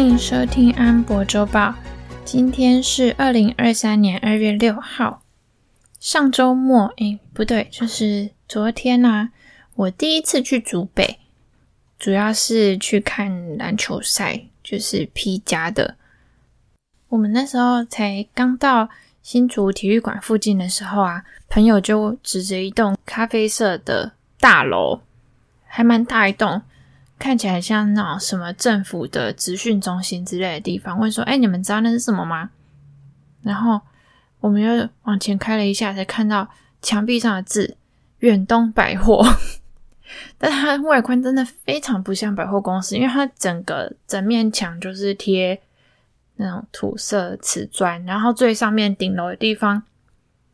歡迎收聽安柏週報。今天是二零二三年二月六號。上周末，誒，不對，就是昨天啊，我第一次去竹北，主要是去看籃球賽，就是 P 加的。我們那時候才剛到新竹體育館附近的時候啊，朋友就指着一棟咖啡色的大樓，還蠻大一棟。看起來像那種什麼政府的職訓中心之類的地方。問說：“哎、欸，你們知道那是什麼嗎？”然後我們又往前開了一下，才看到牆壁上的字“遠東百貨。” 但它外觀真的非常不像百貨公司，因為它整個整面牆就是貼那種土色瓷磚，然後最上面頂樓的地方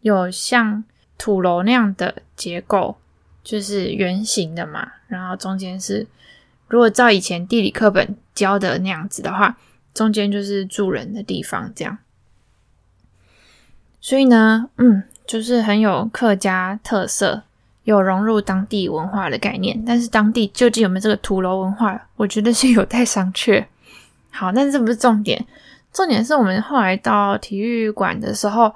有像土樓那樣的結構，就是圓形的嘛，然後中間是。如果照以前地理課本教的那樣子的話，中間就是住人的地方，這樣。所以呢，嗯，就是很有客家特色，有融入當地文化的概念。但是當地究竟有沒有這個土樓文化，我覺得是有待商榷。好，但這不是重點，重點是我們後來到體育館的時候，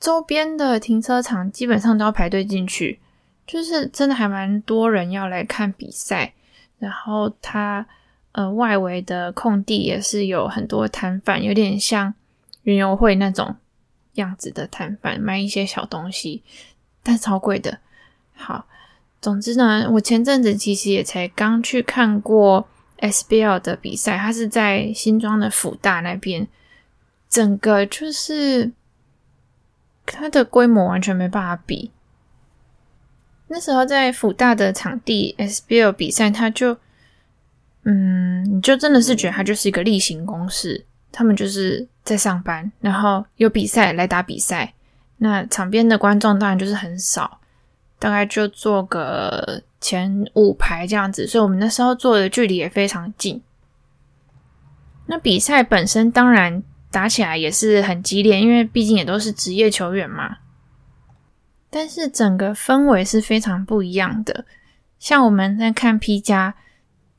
周邊的停車場基本上都要排隊進去，就是真的還蠻多人要來看比賽。然後它呃外圍的空地也是有很多攤販，有點像園遊會那種樣子的攤販，賣一些小東西，但是超貴的。好，總之呢，我前陣子其實也才剛去看過 SBL 的比賽，它是在新莊的輔大那邊，整個就是它的規模完全沒辦法比。那時候在輔大的場地 SBL 比賽，他就，嗯，你就真的是覺得他就是一個例行公事，他們就是在上班，然後有比賽來打比賽。那場邊的觀眾當然就是很少，大概就坐個前五排這樣子，所以我們那時候坐的距離也非常近。那比賽本身當然打起來也是很激烈，因為畢竟也都是職業球員嘛。但是整個氛圍是非常不一樣的。像我們在看 P+，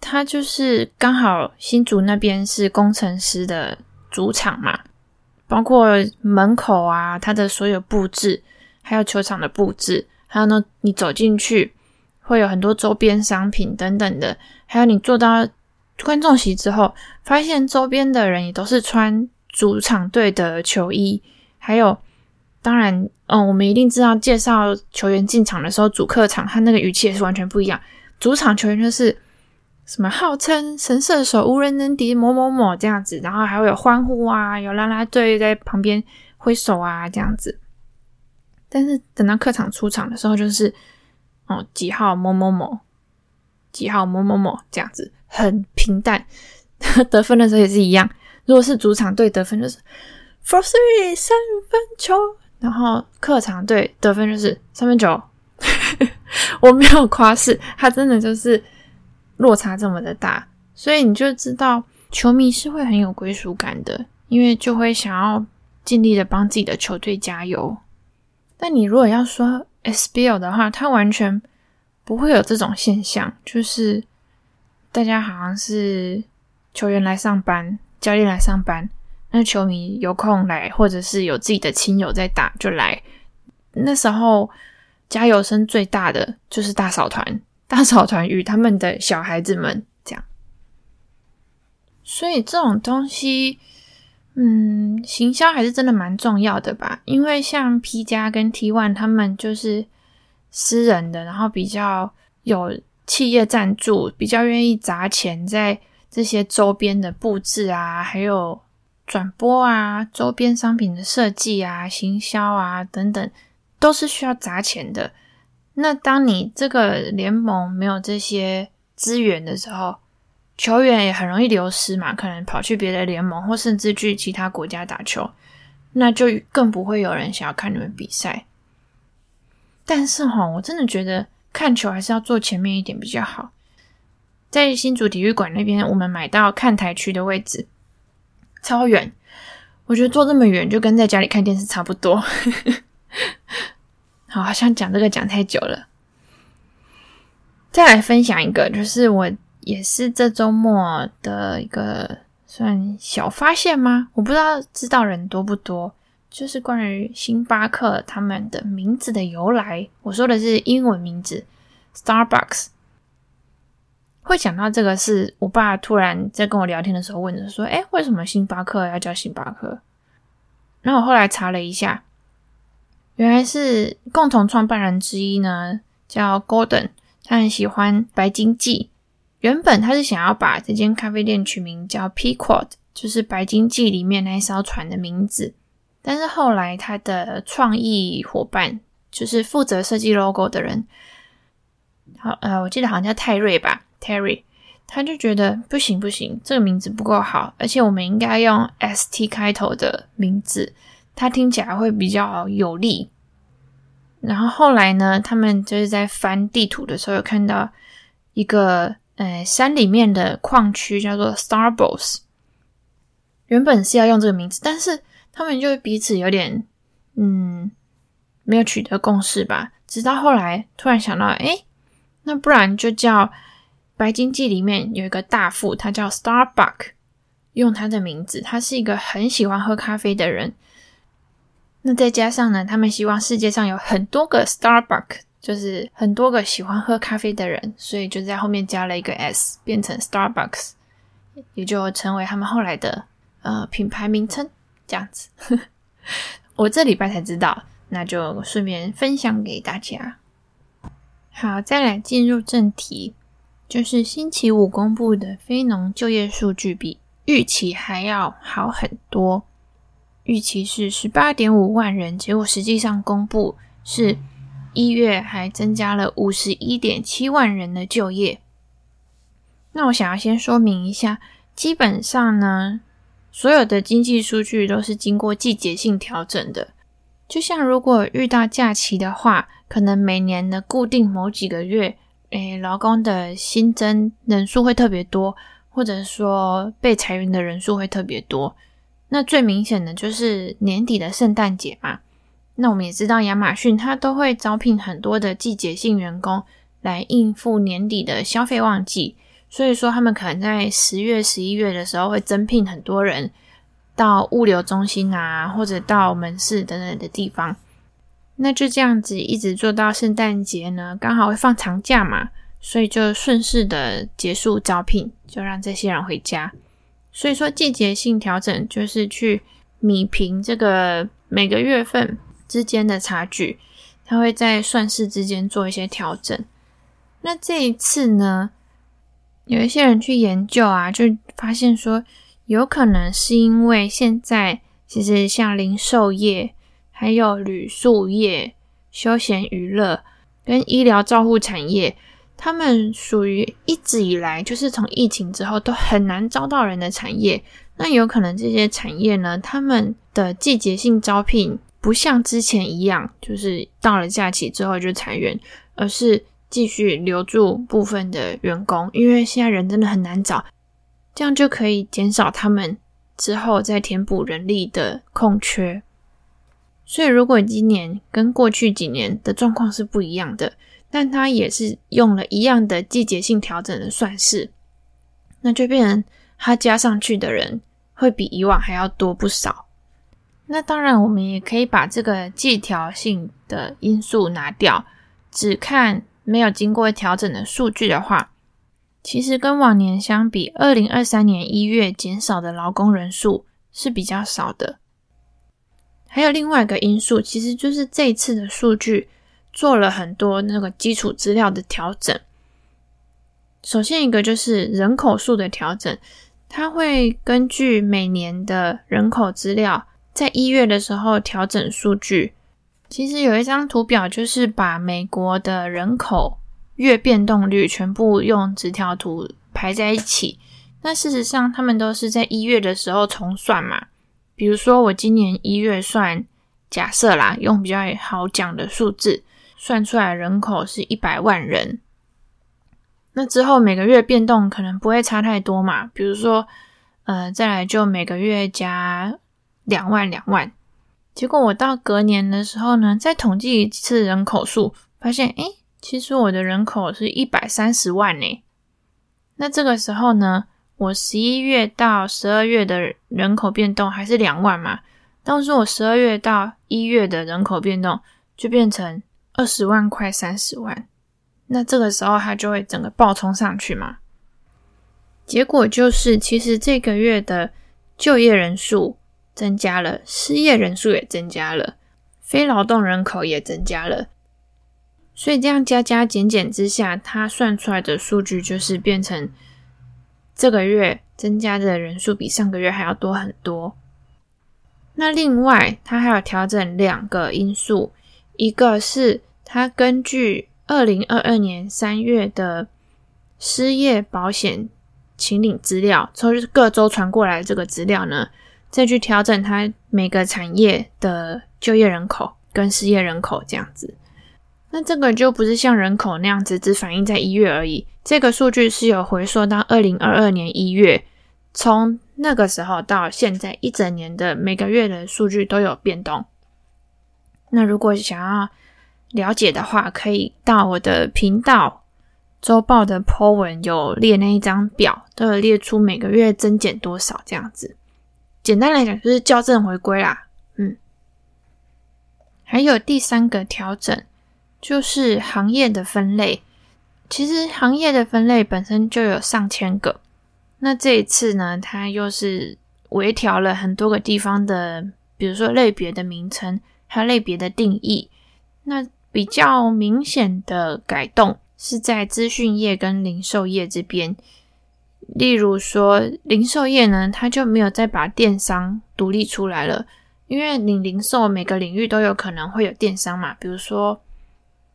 它就是剛好新竹那邊是工程師的主場嘛，包括門口啊，它的所有布置，還有球場的布置，還有呢，你走進去會有很多周邊商品等等的，還有你坐到觀眾席之後，發現周邊的人也都是穿主場隊的球衣，還有。當然，嗯、哦，我們一定知道，介紹球員進場的時候，主客場他那個語氣也是完全不一樣。主場球員就是什麼號稱神射手、無人能敵某某某這樣子，然後還會有，有歡呼啊，有啦啦隊在旁邊揮手啊這樣子。但是等到客場出場的時候，就是哦幾號某某某，幾號某某某這樣子，很平淡。得分的時候也是一樣，如果是主場隊得分，就是 for three 三分球。然後客場隊得分就是三分九。 我沒有誇飾，它真的就是落差這麼的大，所以你就知道球迷是會很有歸屬感的，因為就會想要盡力的幫自己的球隊加油。但你如果要說 SBL 的話，他完全不會有這種現象，就是大家好像是球員來上班，教練來上班。那球迷有空來，或者是有自己的親友在打就來。那時候加油聲最大的就是大掃團，大掃團與他們的小孩子們這樣。所以這種東西，嗯，行銷還是真的蠻重要的吧。因為像 P 家跟 T one 他們就是私人的，然後比較有企業贊助，比較願意砸錢在這些周邊的布置啊，還有。轉播啊，周邊商品的設計啊，行銷啊等等，都是需要砸錢的。那當你這個聯盟沒有這些資源的時候，球員也很容易流失嘛，可能跑去別的聯盟，或甚至去其他國家打球，那就更不會有人想要看你們比賽。但是哈、哦，我真的覺得看球還是要坐前面一點比較好。在新竹體育館那邊，我們買到看台區的位置。超遠，我覺得坐這麼遠就跟在家裡看電視差不多。 好，好像講這個講太久了，再來分享一個，就是我也是這周末的一個算小發現嗎？我不知道知道人多不多，就是關於星巴克他們的名字的由來。我說的是英文名字，Starbucks。會講到這個是我爸突然在跟我聊天的時候問的，說：“哎，為什麼星巴克要叫星巴克？”那我後來查了一下，原來是共同創辦人之一呢叫 Gordon，他很喜歡《白鯨記》，原本他是想要把這間咖啡店取名叫 Pequod，就是《白鯨記》裡面那艘船的名字。但是後來他的創意夥伴，就是負責設計 logo 的人，好、哦，呃，我記得好像叫泰瑞吧。Carry，他就覺得不行不行，這個名字不夠好，而且我們應該用 ST 開頭的名字，它聽起來會比較有力。然後後來呢，他們就是在翻地圖的時候有看到一個呃山裡面的礦區叫做 Starbucks，原本是要用這個名字，但是他們就彼此有點嗯沒有取得共識吧。直到後來突然想到，哎，那不然就叫。《白鯨記》裡面有一個大副，他叫 Starbuck，用他的名字，他是一個很喜歡喝咖啡的人。那再加上呢，他們希望世界上有很多個 Starbuck，就是很多個喜歡喝咖啡的人，所以就在後面加了一個 s，變成 Starbucks，也就成為他們後來的呃品牌名稱。這樣子， 我這禮拜才知道，那就順便分享給大家。好，再來進入正題。就是星期五公布的非農就業數據比預期還要好很多，預期是十八點五萬人，結果實際上公布是一月還增加了五十一點七萬人的就業。那我想要先說明一下，基本上呢，所有的經濟數據都是經過季節性調整的，就像如果遇到假期的話，可能每年的固定某幾個月。欸，勞工的新增人數會特別多，或者說被裁員的人數會特別多。那最明顯的就是年底的聖誕節嘛。那我們也知道，亞馬遜它都會招聘很多的季節性員工來應付年底的消費旺季，所以說他們可能在十月、十一月的時候會增聘很多人到物流中心啊，或者到門市等等的地方。那就這樣子一直做到聖誕節呢，剛好會放長假嘛，所以就順勢的結束招聘，就讓這些人回家。所以說季節性調整就是去弭平這個每個月份之間的差距，它會在算式之間做一些調整。那這一次呢，有一些人去研究啊，就發現說有可能是因為現在其實像零售業。還有旅宿業、休閒娛樂跟醫療照護產業，他們屬於一直以來就是從疫情之後都很難招到人的產業。那有可能這些產業呢，他們的季節性招聘不像之前一樣，就是到了假期之後就裁員，而是繼續留住部分的員工，因為現在人真的很難找，這樣就可以減少他們之後再填補人力的空缺。所以，如果今年跟過去幾年的狀況是不一樣的，但它也是用了一樣的季節性調整的算式，那就變成它加上去的人會比以往還要多不少。那當然，我們也可以把這個季調性的因素拿掉，只看沒有經過調整的數據的話，其實跟往年相比，二零二三年一月減少的勞工人數是比較少的。還有另外一個因素，其實就是這一次的數據做了很多那個基礎資料的調整。首先一個就是人口數的調整，它會根據每年的人口資料，在一月的時候調整數據。其實有一張圖表，就是把美國的人口月變動率全部用直條圖排在一起。但事實上，他們都是在一月的時候重算嘛。比如說，我今年一月算假設啦，用比較好講的數字算出來人口是一百萬人。那之後每個月變動可能不會差太多嘛。比如說，呃，再來就每個月加兩萬兩萬。結果我到隔年的時候呢，再統計一次人口數，發現哎，其實我的人口是一百三十萬呢。那這個時候呢？我十一月到十二月的人口變動還是兩萬嘛，但是我十二月到一月的人口變動就變成二十萬快三十萬，那這個時候它就會整個爆衝上去嘛。結果就是，其實這個月的就業人數增加了，失業人數也增加了，非勞動人口也增加了，所以這樣加加減減之下，它算出來的數據就是變成。這個月增加的人數比上個月還要多很多。那另外，它還有調整兩個因素，一個是它根據二零二二年三月的失業保險請領資料，就是各州傳過來的這個資料呢，再去調整它每個產業的就業人口跟失業人口這樣子。那這個就不是像人口那樣子，只反映在一月而已。這個數據是有回溯到二零二二年一月，從那個時候到現在一整年的每個月的數據都有變動。那如果想要了解的話，可以到我的頻道周報的 po 文有列那一張表，都有列出每個月增減多少這樣子。簡單來講就是校正回歸啦，嗯，還有第三個調整。就是行業的分類，其實行業的分類本身就有上千個。那這一次呢，它又是微調了很多個地方的，比如說類別的名稱，它類別的定義。那比較明顯的改動是在資訊業跟零售業這邊。例如說，零售業呢，它就沒有再把電商獨立出來了，因為你零售每個領域都有可能會有電商嘛，比如說。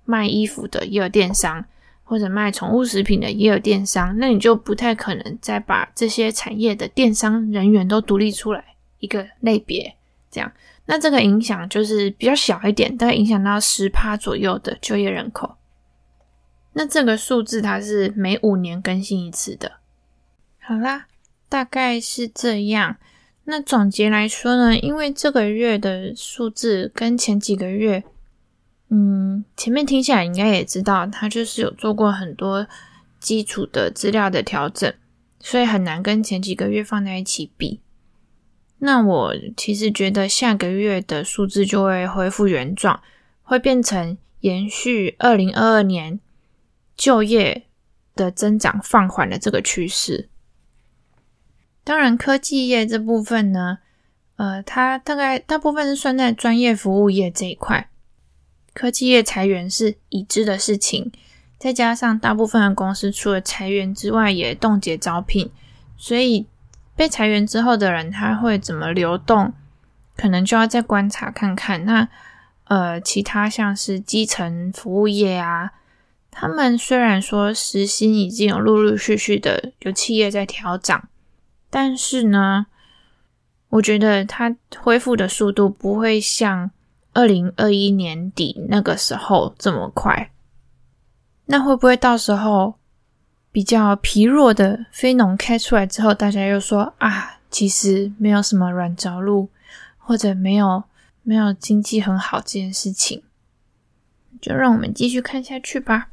賣衣服的也有電商，或者賣寵物食品的也有電商，那你就不太可能再把這些產業的電商人員都獨立出來一個類別。這樣，那這個影響就是比較小一點，大概影響到十趴左右的就業人口。那這個數字它是每五年更新一次的。好啦，大概是這樣。那總結來說呢，因為這個月的數字跟前幾個月，嗯，前面聽起來應該也知道，他就是有做過很多基礎的資料的調整，所以很難跟前幾個月放在一起比。那我其實覺得下個月的數字就會恢復原狀，會變成延續二零二二年就業的增長放緩的這個趨勢。當然，科技業這部分呢，呃，它大概大部分是算在專業服務業這一塊。科技業裁員是已知的事情，再加上大部分的公司除了裁員之外，也凍結招聘，所以被裁員之後的人，他會怎麼流動，可能就要再觀察看看。那呃，其他像是基層服務業啊，他們雖然說時薪已經有陸陸續續的有企業在調漲，但是呢，我覺得它恢復的速度不會像二零二一年底那個時候這麼快，那會不會到時候比較疲弱的非農開出來之後，大家又說啊，其實沒有什麼軟着陸或者沒有沒有經濟很好這件事情，就讓我們繼續看下去吧。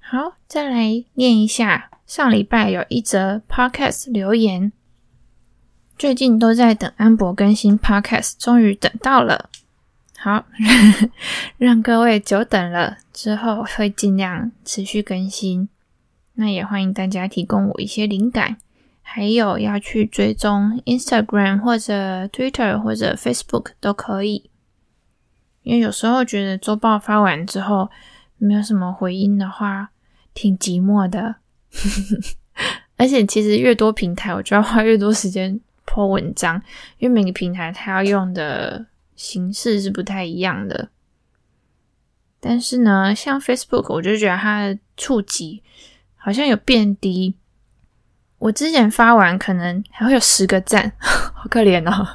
好，再來念一下上禮拜有一則 podcast 留言，最近都在等安柏更新 podcast，終於等到了。好， 讓各位久等了。之後會盡量持續更新，那也歡迎大家提供我一些靈感，還有要去追蹤 Instagram 或者 Twitter 或者 Facebook 都可以。因為有時候覺得週報發完之後沒有什麼回音的話，挺寂寞的。 而且其實越多平台，我就要花越多時間 po 文章，因為每個平台它要用的。形式是不太一樣的，但是呢，像 Facebook，我就覺得它的觸及好像有變低。我之前發完可能還會有十個讚，好可憐哦。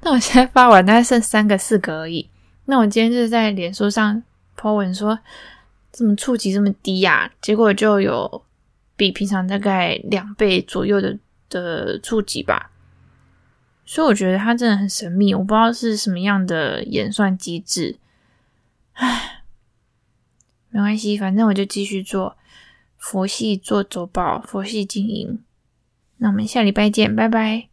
那我現在發完大概剩三個、四個而已。那我今天就在臉書上拋文說，怎麼觸及這麼低呀，啊？結果就有比平常大概兩倍左右的的觸及吧。所以我覺得它真的很神秘，我不知道是什麼樣的演算機制。唉，沒關係，反正我就繼續做佛系做週報，佛系經營。那我們下禮拜見，拜拜。